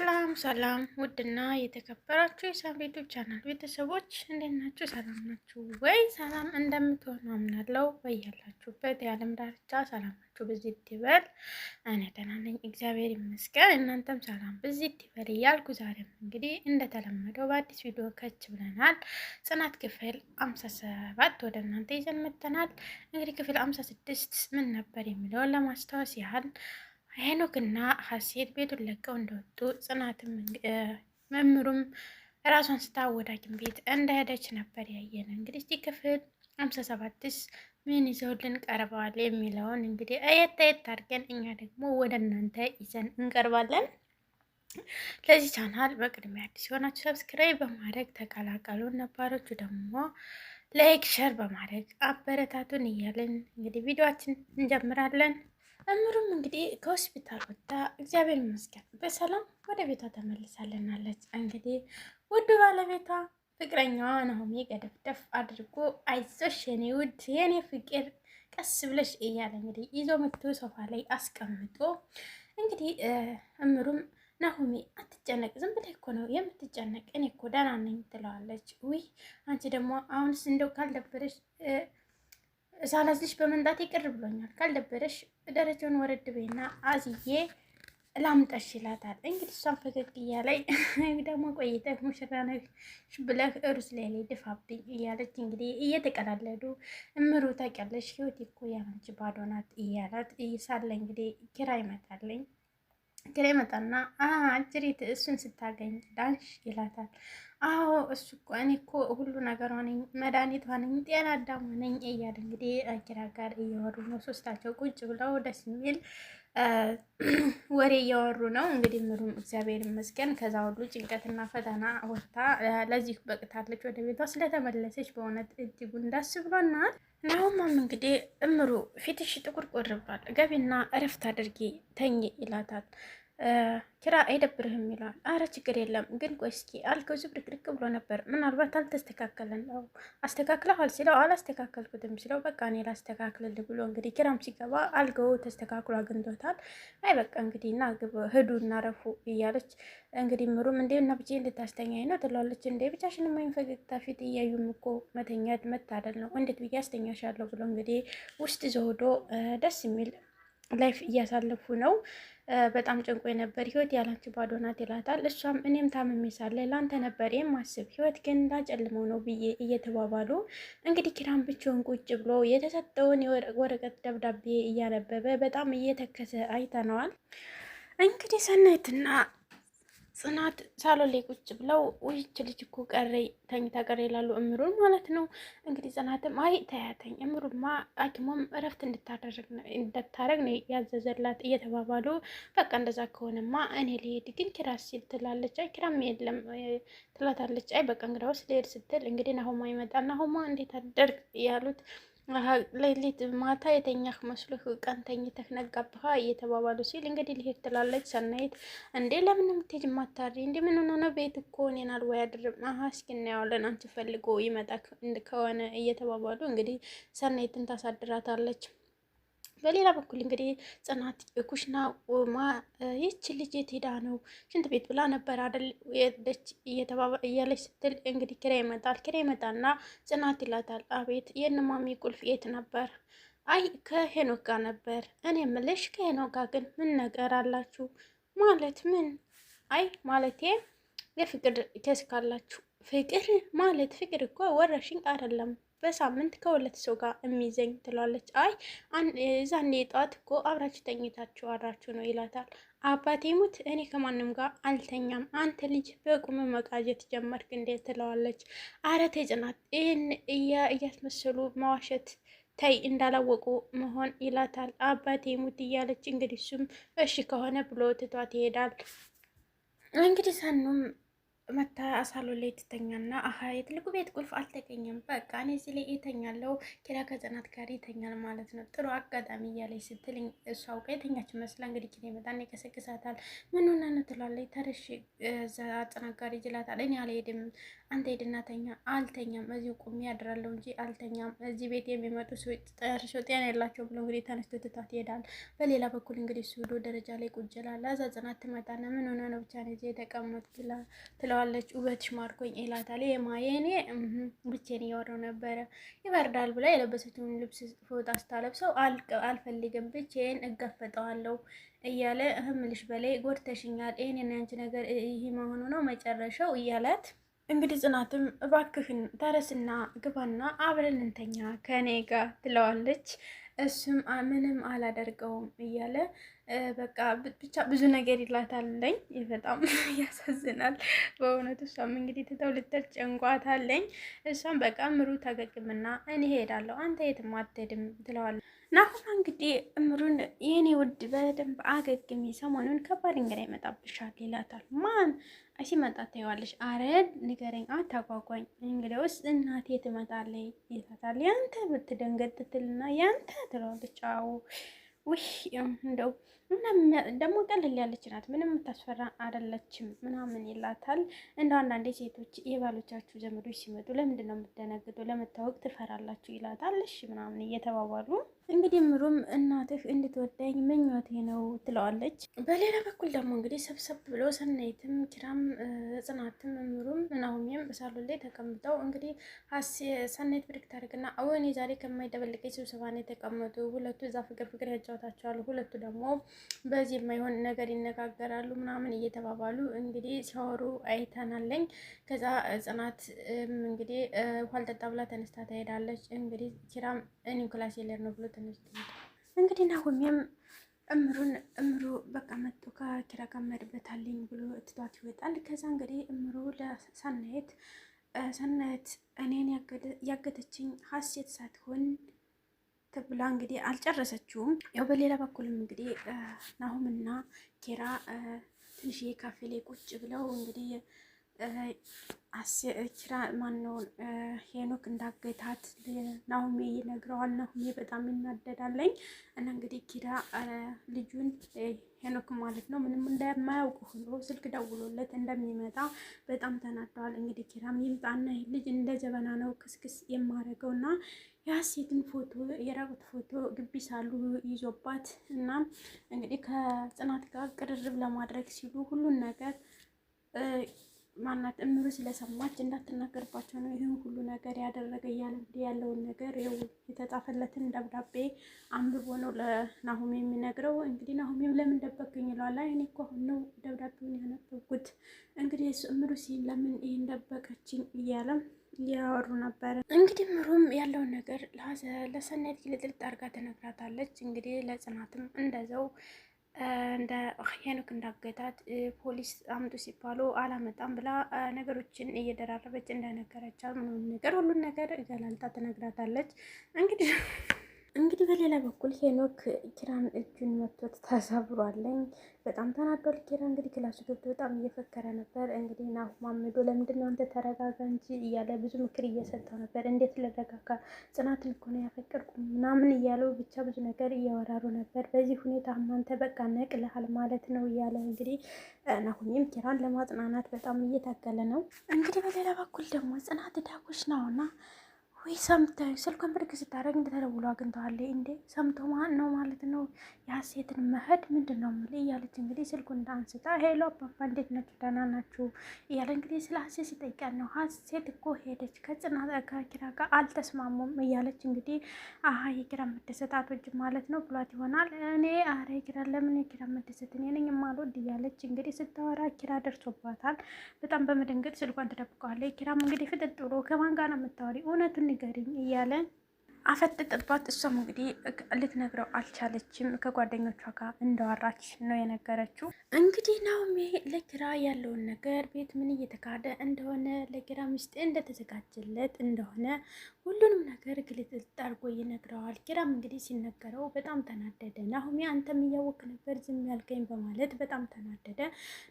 ሰላም ሰላም፣ ውድና የተከበራችሁ የሳንቤቱ ቻናል ቤተሰቦች እንዴት ናችሁ? ሰላም ናችሁ ወይ? ሰላም እንደምትሆኑ አምናለሁ። በያላችሁበት የዓለም ዳርቻ ሰላማችሁ በዚህ ይበል። እኔ ደህና ነኝ እግዚአብሔር ይመስገን፣ እናንተም ሰላም በዚህ ይበል እያልኩ ዛሬም እንግዲህ እንደተለመደው በአዲስ ቪዲዮ ከች ብለናል። ጽናት ክፍል አምሳ ሰባት ወደ እናንተ ይዘን መጥተናል። እንግዲህ ክፍል አምሳ ስድስት ምን ነበር የሚለውን ለማስታወስ ያህል ሄኖክና ሀሴት ቤቱን ለቀው እንደወጡ ጽናትም መምሩም ራሷን ስታ ቤት እንደሄደች ነበር ያየን። እንግዲህ እስቲ ክፍል ሃምሳ ሰባትስ ምን ይዘውልን ቀርበዋል የሚለውን እንግዲህ አየት አየት አድርገን እኛ ደግሞ ወደ እናንተ ይዘን እንቀርባለን። ለዚህ ቻናል በቅድሚያ አዲስ የሆናችሁ ሰብስክራይብ በማድረግ ተቀላቀሉ። ነባሮቹ ደግሞ ላይክ፣ ሸር በማድረግ አበረታቱን እያለን እንግዲህ ቪዲዮችን እንጀምራለን። እምሩም እንግዲህ ከሆስፒታል ወጣ እግዚአብሔር ይመስገን በሰላም ወደ ቤቷ ተመልሳለናለች። እንግዲህ ውዱ ባለቤቷ ፍቅረኛዋ ናሆሜ ገደፍደፍ አድርጎ አይዞሽ የኔ ውድ የኔ ፍቅር ቀስ ብለሽ እያለ እንግዲህ ይዞ መጥቶ ሶፋ ላይ አስቀምጦ እንግዲህ እምሩም ናሆሜ አትጨነቅ፣ ዝም ብለህ እኮ ነው የምትጨነቅ፣ እኔ እኮ ደህና ነኝ ትለዋለች። ውይ አንቺ ደግሞ አሁንስ እንደው ካልደበረሽ ሳላዝሽ በመንጣት ይቅር ብሎኛል። ካልደበረሽ ደረጃውን ወረድ በይና አዝዬ ላምጠሽ ይላታል። እንግዲህ እሷን ፈገግ እያለች ደግሞ ቆይተ ሙሽራ ነሽ ብለህ ሩዝ ላይ ላይ ድፋብኝ እያለች እንግዲህ እየተቀላለዱ እምሩ ታውቂያለሽ፣ ህይወት እኮ ያንቺ ባዶ ናት እያላት እይሳለ እንግዲህ ኪራ ይመጣልኝ ችግር መጣና አጅሬት እሱን ስታገኝ ዳንሽ ይላታል። አዎ እሱ እኮ እኔ እኮ ሁሉ ነገር ሆነኝ፣ መድኃኒት ሆነኝ፣ ጤና አዳም ሆነኝ እያለ እንግዲህ አጅራ ጋር እያወሩ ነው። ሶስታቸው ቁጭ ብለው ደስ የሚል ወሬ እያወሩ ነው። እንግዲህ ምሩም እግዚአብሔር ይመስገን ከዛ ሁሉ ጭንቀትና ፈተና ወጥታ ለዚህ በቅታለች። ወደ ቤቷ ስለተመለሰች በእውነት እጅጉን ደስ ብሎናል። ናሆማም እንግዲህ እምሩ ፊትሽ ጥቁር ቆርባል፣ ገቢና እረፍት አድርጊ ተኝ ይላታል። ኪራ አይደብርህም ይለዋል። አረ ችግር የለም ግን ቆይ እስኪ አልከው ዝብርቅርቅ ብሎ ነበር። ምናልባት አልተስተካከለን ነው አስተካክለዋል ሲለው አላስተካከልኩትም ሲለው በቃ እኔ ላስተካክልል ብሎ እንግዲህ ኪራም ሲገባ አልገው ተስተካክሎ አግኝቶታል። አይ በቃ እንግዲህ እና ህዱ እናረፉ እያለች እንግዲህ ምሩም እንዴ እና ብቻዬን ልታስተኛኝ ነው ትለዋለች። እንዴ ብቻሽን ማይን ፈገግታ ፊት እያዩም እኮ መተኛት መታደል ነው እንዴት ብዬ አስተኛሻለሁ ብሎ እንግዲህ ውስጥ ዘውዶ ደስ የሚል ላይፍ እያሳለፉ ነው በጣም ጭንቆ ነበር። ህይወት ያላንቺ ባዶ ናት ይላታል። እሷም እኔም ታምሜ ሳለ ላንተ ነበር የማስብ ህይወት ግን ላጨልመው ነው ብዬ እየተባባሉ እንግዲህ ኪራም ብቻውን ቁጭ ብሎ የተሰጠውን የወረቀት ደብዳቤ እያነበበ በጣም እየተከሰ አይተነዋል። እንግዲህ ሰናይትና ጽናት ሳሎን ላይ ቁጭ ብለው ውይች ልጅ እኮ ቀረይ ተኝታ ቀሬ ይላሉ እምሩን ማለት ነው። እንግዲህ ጽናትም አይ ተያተኝ እምሩማ ሐኪሞም እረፍት እንድታደረግ ነው ያዘዘላት እየተባባሉ በቃ እንደዛ ከሆነማ እኔ ልሄድ ግን ኪራ ሲል ትላለች። አይ ኪራም የለም ትላታለች። አይ በቃ እንግዳውስ ልሄድ ስትል እንግዲህ ናሆማ ይመጣል። ናሆማ እንዴት አደርግ ያሉት ሌሊት ማታ የተኛህ መስሎህ ቀን ተኝተህ ነጋብህ እየተባባሉ ሲል እንግዲህ ልሄድ ትላለች ሰናይት። እንዴ ለምን የምትሄጂ ማታሪ? እንዴ ምን ሆነ ነው? ቤት እኮ እኔን አልወያድርም። አሀ እስኪ እናየዋለን፣ አንቺ ፈልጎ ይመጣ ከሆነ እየተባባሉ እንግዲህ ሰናይትን ታሳድራታለች። በሌላ በኩል እንግዲህ ጽናት ኩሽና ቆማ ይች ልጅ የት ሄዳ ነው ሽንት ቤት ብላ ነበር አደል የሄደች እያለች ስትል እንግዲህ ኪራይ ይመጣል። ኪራይ ይመጣና ጽናት ይላታል፣ አቤት የንማሚ ቁልፍ የት ነበር? አይ ከሄኖክ ጋር ነበር። እኔ ምልሽ ከሄኖክ ጋር ግን ምን ነገር አላችሁ? ማለት ምን? አይ ማለቴ የፍቅር ኬስ ፍቅር ማለት ፍቅር እኮ ወረሽኝ አይደለም በሳምንት ከሁለት ሰው ጋር የሚዘኝ ትላለች። አይ እዛኔ ጠዋት እኮ አብራችሁ ተኝታችሁ አድራችሁ ነው ይላታል። አባቴ ሙት እኔ ከማንም ጋር አልተኛም፣ አንተ ልጅ በቁም መቃጀት ጀመርክ እንዴት ትለዋለች። አረ ተጭናት ይህን እያስመሰሉ መዋሸት ተይ፣ እንዳላወቁ መሆን ይላታል። አባቴ ሙት እያለች እንግዲህ እሱም እሺ ከሆነ ብሎ ትቷት ይሄዳል። እንግዲህ ሰኑም መታ አሳሎ ላይ ትተኛና አሀ የትልቁ ቤት ቁልፍ አልተገኘም፣ በቃ እኔ እዚህ ላይ የተኛለው ኪራ ከጽናት ጋር ይተኛል ማለት ነው። ጥሩ አጋጣሚ እያለች ስትል እሷ አውቃ የተኛች መስላ እንግዲህ ኪራ ይመጣና ይቀሰቅሳታል። ምን ሆና ነው ትላለች። ተረሽ እዛ ጽናት ጋር ይችላታል። እኔ አልሄድም፣ አንተ ሄድና ተኛ። አልተኛም፣ እዚሁ ቁሚ ያድራለሁ እንጂ አልተኛም። እዚህ ቤት የሚመጡ ሰዎች ጠርሸው ጤና የላቸውም ብሎ እንግዲህ ተነስቶ ትቷት ይሄዳል። በሌላ በኩል እንግዲህ ሱዶ ደረጃ ላይ ቁጭ ይላል። እዛ ጽናት ትመጣና ምን ሆና ነው ብቻ ነው እዚህ የተቀመጡ ትለዋለች። ትለዋለች። ውበትሽ ማርኮኝ ይላታል። የማየኔ ብቼን እያወራው ነበረ ይበርዳል ብላ የለበሰችውን ልብስ ፎጣ ስታለብሰው አልፈልግም ብቼን እጋፈጠዋለሁ እያለ እህምልሽ በላይ ጎድተሽኛል፣ ይህንን ያንቺ ነገር ይህ መሆኑ ነው መጨረሻው እያላት እንግዲህ ጽናትም እባክህን ተረስና ግባና አብረን እንተኛ ከኔ ጋር ትለዋለች። እሱም ምንም አላደርገውም እያለ በቃ ብቻ ብዙ ነገር ይላታለኝ። በጣም ያሳዝናል በእውነት። እሷም እንግዲህ ትተው ልትል ጨንቋታለኝ። እሷም በቃ ምሩ ታገግምና እኔ እሄዳለሁ አንተ የትም አትሄድም ትለዋለች። ናሁማ እንግዲህ እምሩን የኔ ውድ በደንብ አገግሚ፣ ሰሞኑን ከባድ እንግዳ ይመጣብሻል ይላታል። ማን ሲመጣ ታይዋለሽ። አረ ንገረኝ፣ አታጓጓኝ። እንግዲያውስ እናቴ ትመጣለች ይላታል። ያንተ ብትደንገጥ ትልና ያንተ ትለዋለች። አዎ ውይ እንደው ደግሞ ቀለል ያለች ናት። ምንም የምታስፈራ አይደለችም ምናምን ይላታል። እንደ አንዳንዴ ሴቶች የባሎቻችሁ ዘመዶች ሲመጡ ለምንድን ነው የምትደነግጡ? ለመታወቅ ትፈራላችሁ ይላታል። እሺ ምናምን እየተባባሉ እንግዲህ ምሩም እናትህ እንድትወደኝ ምኞቴ ነው ትለዋለች። በሌላ በኩል ደግሞ እንግዲህ ሰብሰብ ብሎ ሰናይትም፣ ኪራም፣ ጽናትም፣ ምሩም ናሁሚም ሳሎን ላይ ተቀምጠው እንግዲህ ሰናይት ብድግ ታደርግና አሁን ዛሬ ከማይደበልቀኝ ስብሰባ ነው የተቀመጡ ሁለቱ እዛ ፍቅር ፍቅር ያጫወታቸዋል። ሁለቱ ደግሞ በዚህ የማይሆን ነገር ይነጋገራሉ ምናምን እየተባባሉ እንግዲህ ሲያወሩ አይተናለኝ። ከዛ ጽናት እንግዲህ ኋልጠጣ ብላ ተነስታ ትሄዳለች። እንግዲህ ኪራም እኔ ክላስ የሌር ነው ብሎ ተነስቶ እንግዲህ ናሆሚም እምሩን እምሩ በቃ መጥቶ ከኪራ ጋር መድበታለኝ ብሎ ትቷት ይወጣል። ከዛ እንግዲህ እምሩ ለሰናየት ሰናየት እኔን ያገተችኝ ሀሴት ሳትሆን ብላ እንግዲህ አልጨረሰችውም። ያው በሌላ በኩልም እንግዲህ ናሁምና ኬራ ትንሽዬ ካፌ ላይ ቁጭ ብለው እንግዲህ ኪራ ማነው ሄኖክ እንዳገታት ናሁሜ ይነግረዋል። ናሁሜ በጣም ይናደዳለኝ እና እንግዲህ ኪራ ልጁን ሄኖክ ማለት ነው ምንም እንደማያውቅ ሁሉ ስልክ ደውሎለት እንደሚመጣ በጣም ተናደዋል። እንግዲህ ኪራም ይምጣና ልጅ እንደ ጀበና ነው ክስክስ የማደርገው እና የሀሴትን ፎቶ የራቁት ፎቶ ግቢ ሳሉ ይዞባት እና እንግዲህ ከጽናት ጋር ቅርርብ ለማድረግ ሲሉ ሁሉን ነገር ማናት እምሩ ስለሰማች እንዳትናገርባቸው ነው ይህን ሁሉ ነገር ያደረገ እያለ እንግዲህ ያለውን ነገር የተጻፈለትን ደብዳቤ አንብቦ ነው ለናሆሜ የሚነግረው። እንግዲህ ናሆሜም ለምን ደበቅኝ ይለዋል። እኔ እኮ አሁን ነው ደብዳቤውን ያነበብኩት። እንግዲህ እሱ እምሩ ሲል ለምን ይህን ደበቀችኝ እያለም እያወሩ ነበረ። እንግዲህ ምሩም ያለውን ነገር ለሰናይት ግልጥልጥ አድርጋ ተነግራታለች። እንግዲህ ለጽናትም እንደዘው እንደ ሄኖክ እንዳገታት ፖሊስ አምጡ ሲባሉ አላመጣም ብላ ነገሮችን እየደራረበች እንደነገረቻት ምንም ነገር ሁሉን ነገር ገላልጣ ተነግራታለች። እንግዲህ እንግዲህ በሌላ በኩል ሄኖክ ኪራን እጁን መቶት ተሰብሯለኝ። በጣም ተናዷል። ኪራ እንግዲህ ክላሱ ገብቶ በጣም እየፈከረ ነበር። እንግዲህ ናሁማም ሄዶ ለምንድን ነው አንተ ተረጋጋ እንጂ እያለ ብዙ ምክር እየሰጠው ነበር። እንዴት ልረጋጋ? ጽናት ልኮ ነው ያፈቀርኩ ምናምን እያለው ብቻ ብዙ ነገር እያወራሩ ነበር። በዚህ ሁኔታ እናንተ በቃ ነቅልሃል ማለት ነው እያለ እንግዲህ ናሁሚም ኪራን ለማጽናናት በጣም እየታገለ ነው። እንግዲህ በሌላ በኩል ደግሞ ጽናት ዳጎች ነውና ወይ ሰምተህ ስልኳን ብድግ ስታደርግ እንደተደውሎ አግኝተዋለች። እንዴ ሰምቶ ማን ነው ማለት ነው የሀሴትን መሄድ ምንድን ነው የምልህ እያለች እንግዲህ ስልኩን አንስታ ሄሎ አባባ እንዴት ናችሁ? ደህና ናችሁ? እያለ እንግዲህ ስለ ሀሴት ሲጠይቃት ነው ሀሴት እኮ ሄደች ከጽናት ከኪራ ጋር አልተስማሙም እያለች እንግዲህ አሀ የኪራ መደሰት አቶጅ ማለት ነው ብሏት ይሆናል። እኔ አረ ኪራ ለምን የኪራ መደሰት እኔ ነኝ የማልወድ እያለች እንግዲህ ስታወራ ኪራ ደርሶባታል። በጣም በመደንገጥ ስልኳን ትደብቀዋለች። ኪራም እንግዲህ ፍጥጥ ብሎ ከማን ጋር ነው የምታወሪ እውነቱን ንገሪኝ እያለ አፈጠጠባት። እሷም እንግዲህ ልትነግረው አልቻለችም። ከጓደኞቿ ጋር እንዳወራች ነው የነገረችው። እንግዲህ ናኦሚ ለኪራ ያለውን ነገር ቤት ምን እየተካሄደ እንደሆነ ለኪራ ሚስጥ እንደተዘጋጀለት እንደሆነ ሁሉንም ነገር ግልጥልጥ አድርጎ ይነግረዋል። ኪራም እንግዲህ ሲነገረው በጣም ተናደደ። ናኦሚ አንተም እያወቅ ነበር ዝም ያልከኝ በማለት በጣም ተናደደ።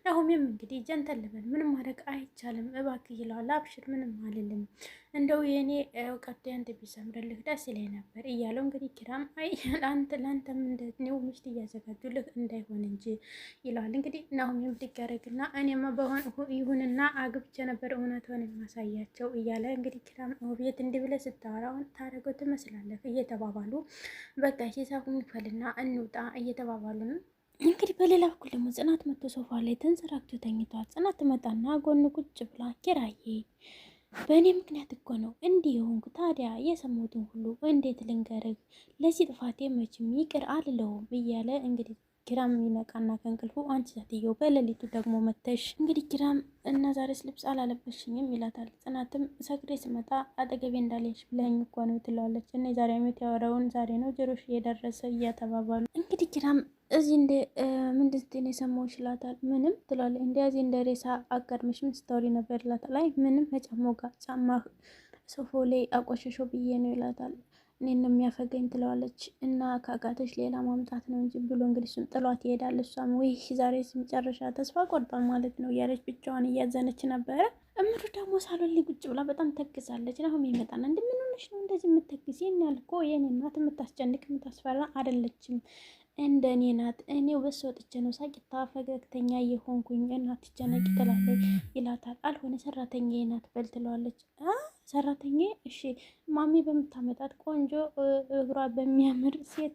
ናኦሚም እንግዲህ ጀንተል በል ምንም ማድረግ አይቻልም እባክህ ይለዋል። አብሽር ምንም አልልም እንደው የእኔ እውቀት አንድ ቢሰምርልህ ደስ ነበር እያለው እንግዲህ ኪራም አይ ለአንተም እንደኔው ምሽት እያዘጋጁልህ እንዳይሆን እንጂ ይለዋል። እንግዲህ ናሁሚም ብድግ ያደርግና እኔማ በሆን ይሁንና አግብቼ ነበር እውነቷን የማሳያቸው እያለ እንግዲህ ኪራም ቤት እንዲህ ብለህ ስታወራውን ታደርገው ትመስላለህ እየተባባሉ በቃ ሂሳብ እንክፈልና እንውጣ እየተባባሉ ነው። እንግዲህ በሌላ በኩል ደግሞ ጽናት መጥቶ ሶፋ ላይ ተንሰራክቶ ተኝቷል። ጽናት ትመጣና ጎን ቁጭ ብላ ኪራዬ በእኔ ምክንያት እኮ ነው እንዲህ የሆንኩ። ታዲያ የሰሙትን ሁሉ እንዴት ልንገርህ? ለዚህ ጥፋቴ መቼም ይቅር አልለውም እያለ እንግዲህ ኪራም ይነቃና ከእንቅልፉ አንቺ ሴትዮ በሌሊቱ ደግሞ መተሽ እንግዲህ ኪራም እና ዛሬስ ልብስ አላለበሽኝም ይላታል። ጽናትም ሰግሬ ስመጣ አጠገቤ እንዳለሽ ብለኝ እኮ ነው ትለዋለች። እና የዛሬ ዓመት ያወራውን ዛሬ ነው ጆሮሽ የደረሰ እያተባባሉ እንግዲህ ኪራም እዚህ እንደ ምንድን ስትይ ነው የሰማሁሽ ይላታል። ምንም ትላለች። እንደ እዚህ እንደ ሬሳ አጋድመሽ ምን ስታወሪ ነበር ይላታል። አይ ምንም ከጫማው ጋር ጫማ ሶፎ ላይ አቆሸሾ ብዬ ነው ይላታል። እኔን ነው የሚያፈገኝ ትለዋለች። እና ከአጋቶች ሌላ ማምጣት ነው እንጂ ብሎ እንግዲህ እሱን ጥሏት ይሄዳል። እሷም ወይ ዛሬ መጨረሻ ተስፋ ቆርጧል ማለት ነው እያለች ብቻዋን እያዘነች ነበረ። እምሩ ደግሞ ሳሎን ላይ ቁጭ ብላ በጣም ተግዛለች። አሁን ይመጣና እንደምንሆነች ነው እንደዚህ የምትግዝ? ይህን ያህል እኮ የኔ እናት የምታስጨንቅ የምታስፈራ አይደለችም እንደ እኔ ናት። እኔ ውበት ወጥቼ ነው ሳቂታ ፈገግተኛ የሆንኩኝ እናት ጨነቂ ትላለች ይላታል። አልሆነ ሰራተኛ ናት በል ትለዋለች። ሰራተኛ እሺ ማሚ በምታመጣት ቆንጆ እግሯ በሚያምር ሴት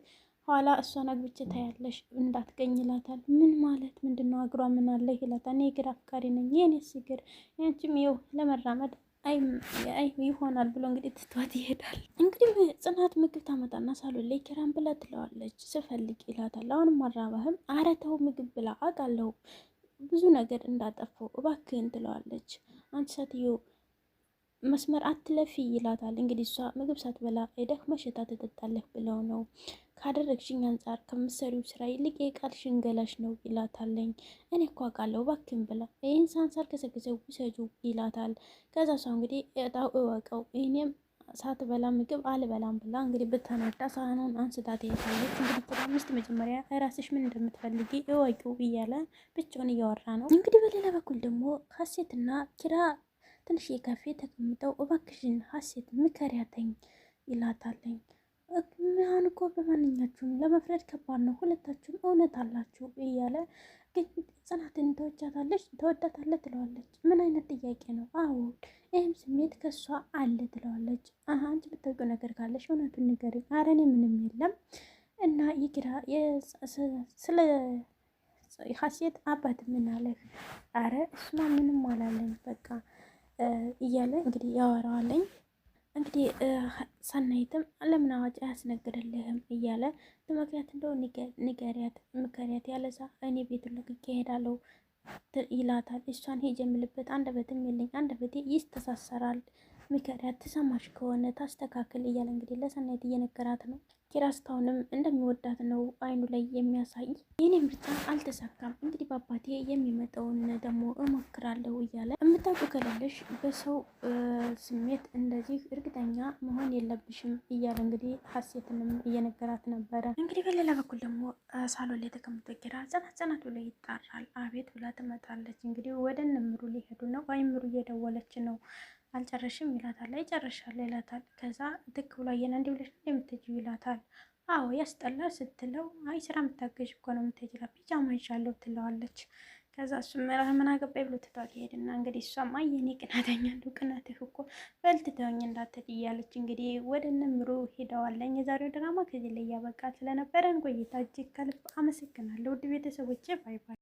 ኋላ እሷን አግብቼ ታያለሽ እንዳትገኝ ይላታል። ምን ማለት ምንድን ነው? እግሯ ምን አለ ይላታል። እኔ እግር አፍቃሪ ነኝ የኔ እግር ያንቺም ይኸው ለመራመድ አይ ይሆናል ብሎ እንግዲህ ትቷት ይሄዳል። እንግዲህ ጽናት ምግብ ታመጣና ሳሉ ላይ ኪራን ብላ ትለዋለች። ስፈልግ ይላታል። አሁንም አራባህም አረተው ምግብ ብላ አውቃለሁ ብዙ ነገር እንዳጠፋው እባክህን ትለዋለች። አንቺ ሴትዮ መስመር አትለፊ ይላታል። እንግዲህ እሷ ምግብ ሳትበላ ሄደህ መሸታ ትጠጣለህ ብለው ነው ካደረግሽኝ አንጻር ከምትሰሪው ስራ ይልቅ የቃልሽን ገላሽ ነው ይላታለኝ። እኔ እኮ አውቃለሁ እባክህን ብላ ይህን ሳንሳር ከሰገሰው ውሰጁ ይላታል። ከዛ ሰው እንግዲህ እጣው እወቀው ይህኔም ሳትበላ ምግብ አልበላም ብላ እንግዲህ ብታናዳ ሳህኑን አንስታ ትሄዳለች። እንግዲህ ፕሮሚስት መጀመሪያ ራስሽ ምን እንደምትፈልጊ እወቂው እያለ ብቻውን እያወራ ነው። እንግዲህ በሌላ በኩል ደግሞ ሀሴትና ኪራ ትንሽዬ ካፌ ተቀምጠው እባክሽን ሀሴት ምከሪያተኝ ይላታለኝ። ምን እኮ በማንኛችሁም ለመፍረድ ከባድ ነው፣ ሁለታችሁም እውነት አላችሁ እያለ ግን ጽናትን ተወጃታለች ተወዳታለ ትለዋለች። ምን አይነት ጥያቄ ነው? አዎ ይህም ስሜት ከእሷ አለ ትለዋለች። አሀ አንቺ ብታውቂው ነገር ካለሽ እውነቱን ንገሪኝ። ኧረ እኔ ምንም የለም እና ይግራ ስለ ሀሴት አባት ምን አለህ? አረ እሱማ ምንም አላለኝ በቃ እያለ እንግዲህ ያወራዋለኝ። እንግዲህ ሰናይትም ለምን አዋጅ አያስነግርልህም እያለ ምክንያት እንደው ንገሪያት፣ ምከሪያት ያለዛ እኔ ቤት ለቅቄ እሄዳለሁ ይላታል። እሷን ሄጀምልበት የምልበት አንደበትም የለኝ፣ አንደበቴ ይስተሳሰራል ምክሪያት ትሰማሽ ከሆነ ታስተካክል እያለ እንግዲህ ለሰናይት እየነገራት ነው። ኪራስታውንም እንደሚወዳት ነው አይኑ ላይ የሚያሳይ። የኔ ምርጫ አልተሳካም፣ እንግዲህ በአባቴ የሚመጣውን ደግሞ እሞክራለሁ እያለ የምታውቁ ከሌለሽ በሰው ስሜት እንደዚህ እርግጠኛ መሆን የለብሽም እያለ እንግዲህ ሀሴትንም እየነገራት ነበረ። እንግዲህ በሌላ በኩል ደግሞ ሳሎን ላይ ተቀምጦ ኪራ ጽናት ጽናቱ ላይ ይጣራል። አቤት ብላ ትመጣለች። እንግዲህ ወደ እነ ምሩ ሊሄዱ ነው። አይምሩ እየደወለች ነው አልጨረሽም ይላታል። አይጨረሻል ይላታል። ከዛ ትክ ብሎ አየና እንዲህ ብለሽ የምትሄጂው ይላታል። አዎ ያስጠላል ስትለው አይ ስራ የምታገዥ እኮ ነው የምትሄጂው ይላል። ፒጃማ ይዣለሁ ትለዋለች። ከዛ እሱ ምራህ ምን አገባኝ ብሎ ትቷት ይሄድና እንግዲህ እሷም አይ የኔ ቅናተኛ እንደው ቅናትህ እኮ በል ትተውኝ እያለች እንግዲህ ወደ ነምሩ ሄደዋለኝ። የዛሬው ድራማ ከዚህ ላይ እያበቃ ስለነበረን ቆይታ እጅግ ከልብ አመሰግናለሁ ውድ ቤተሰቦቼ። ባይ ባይ።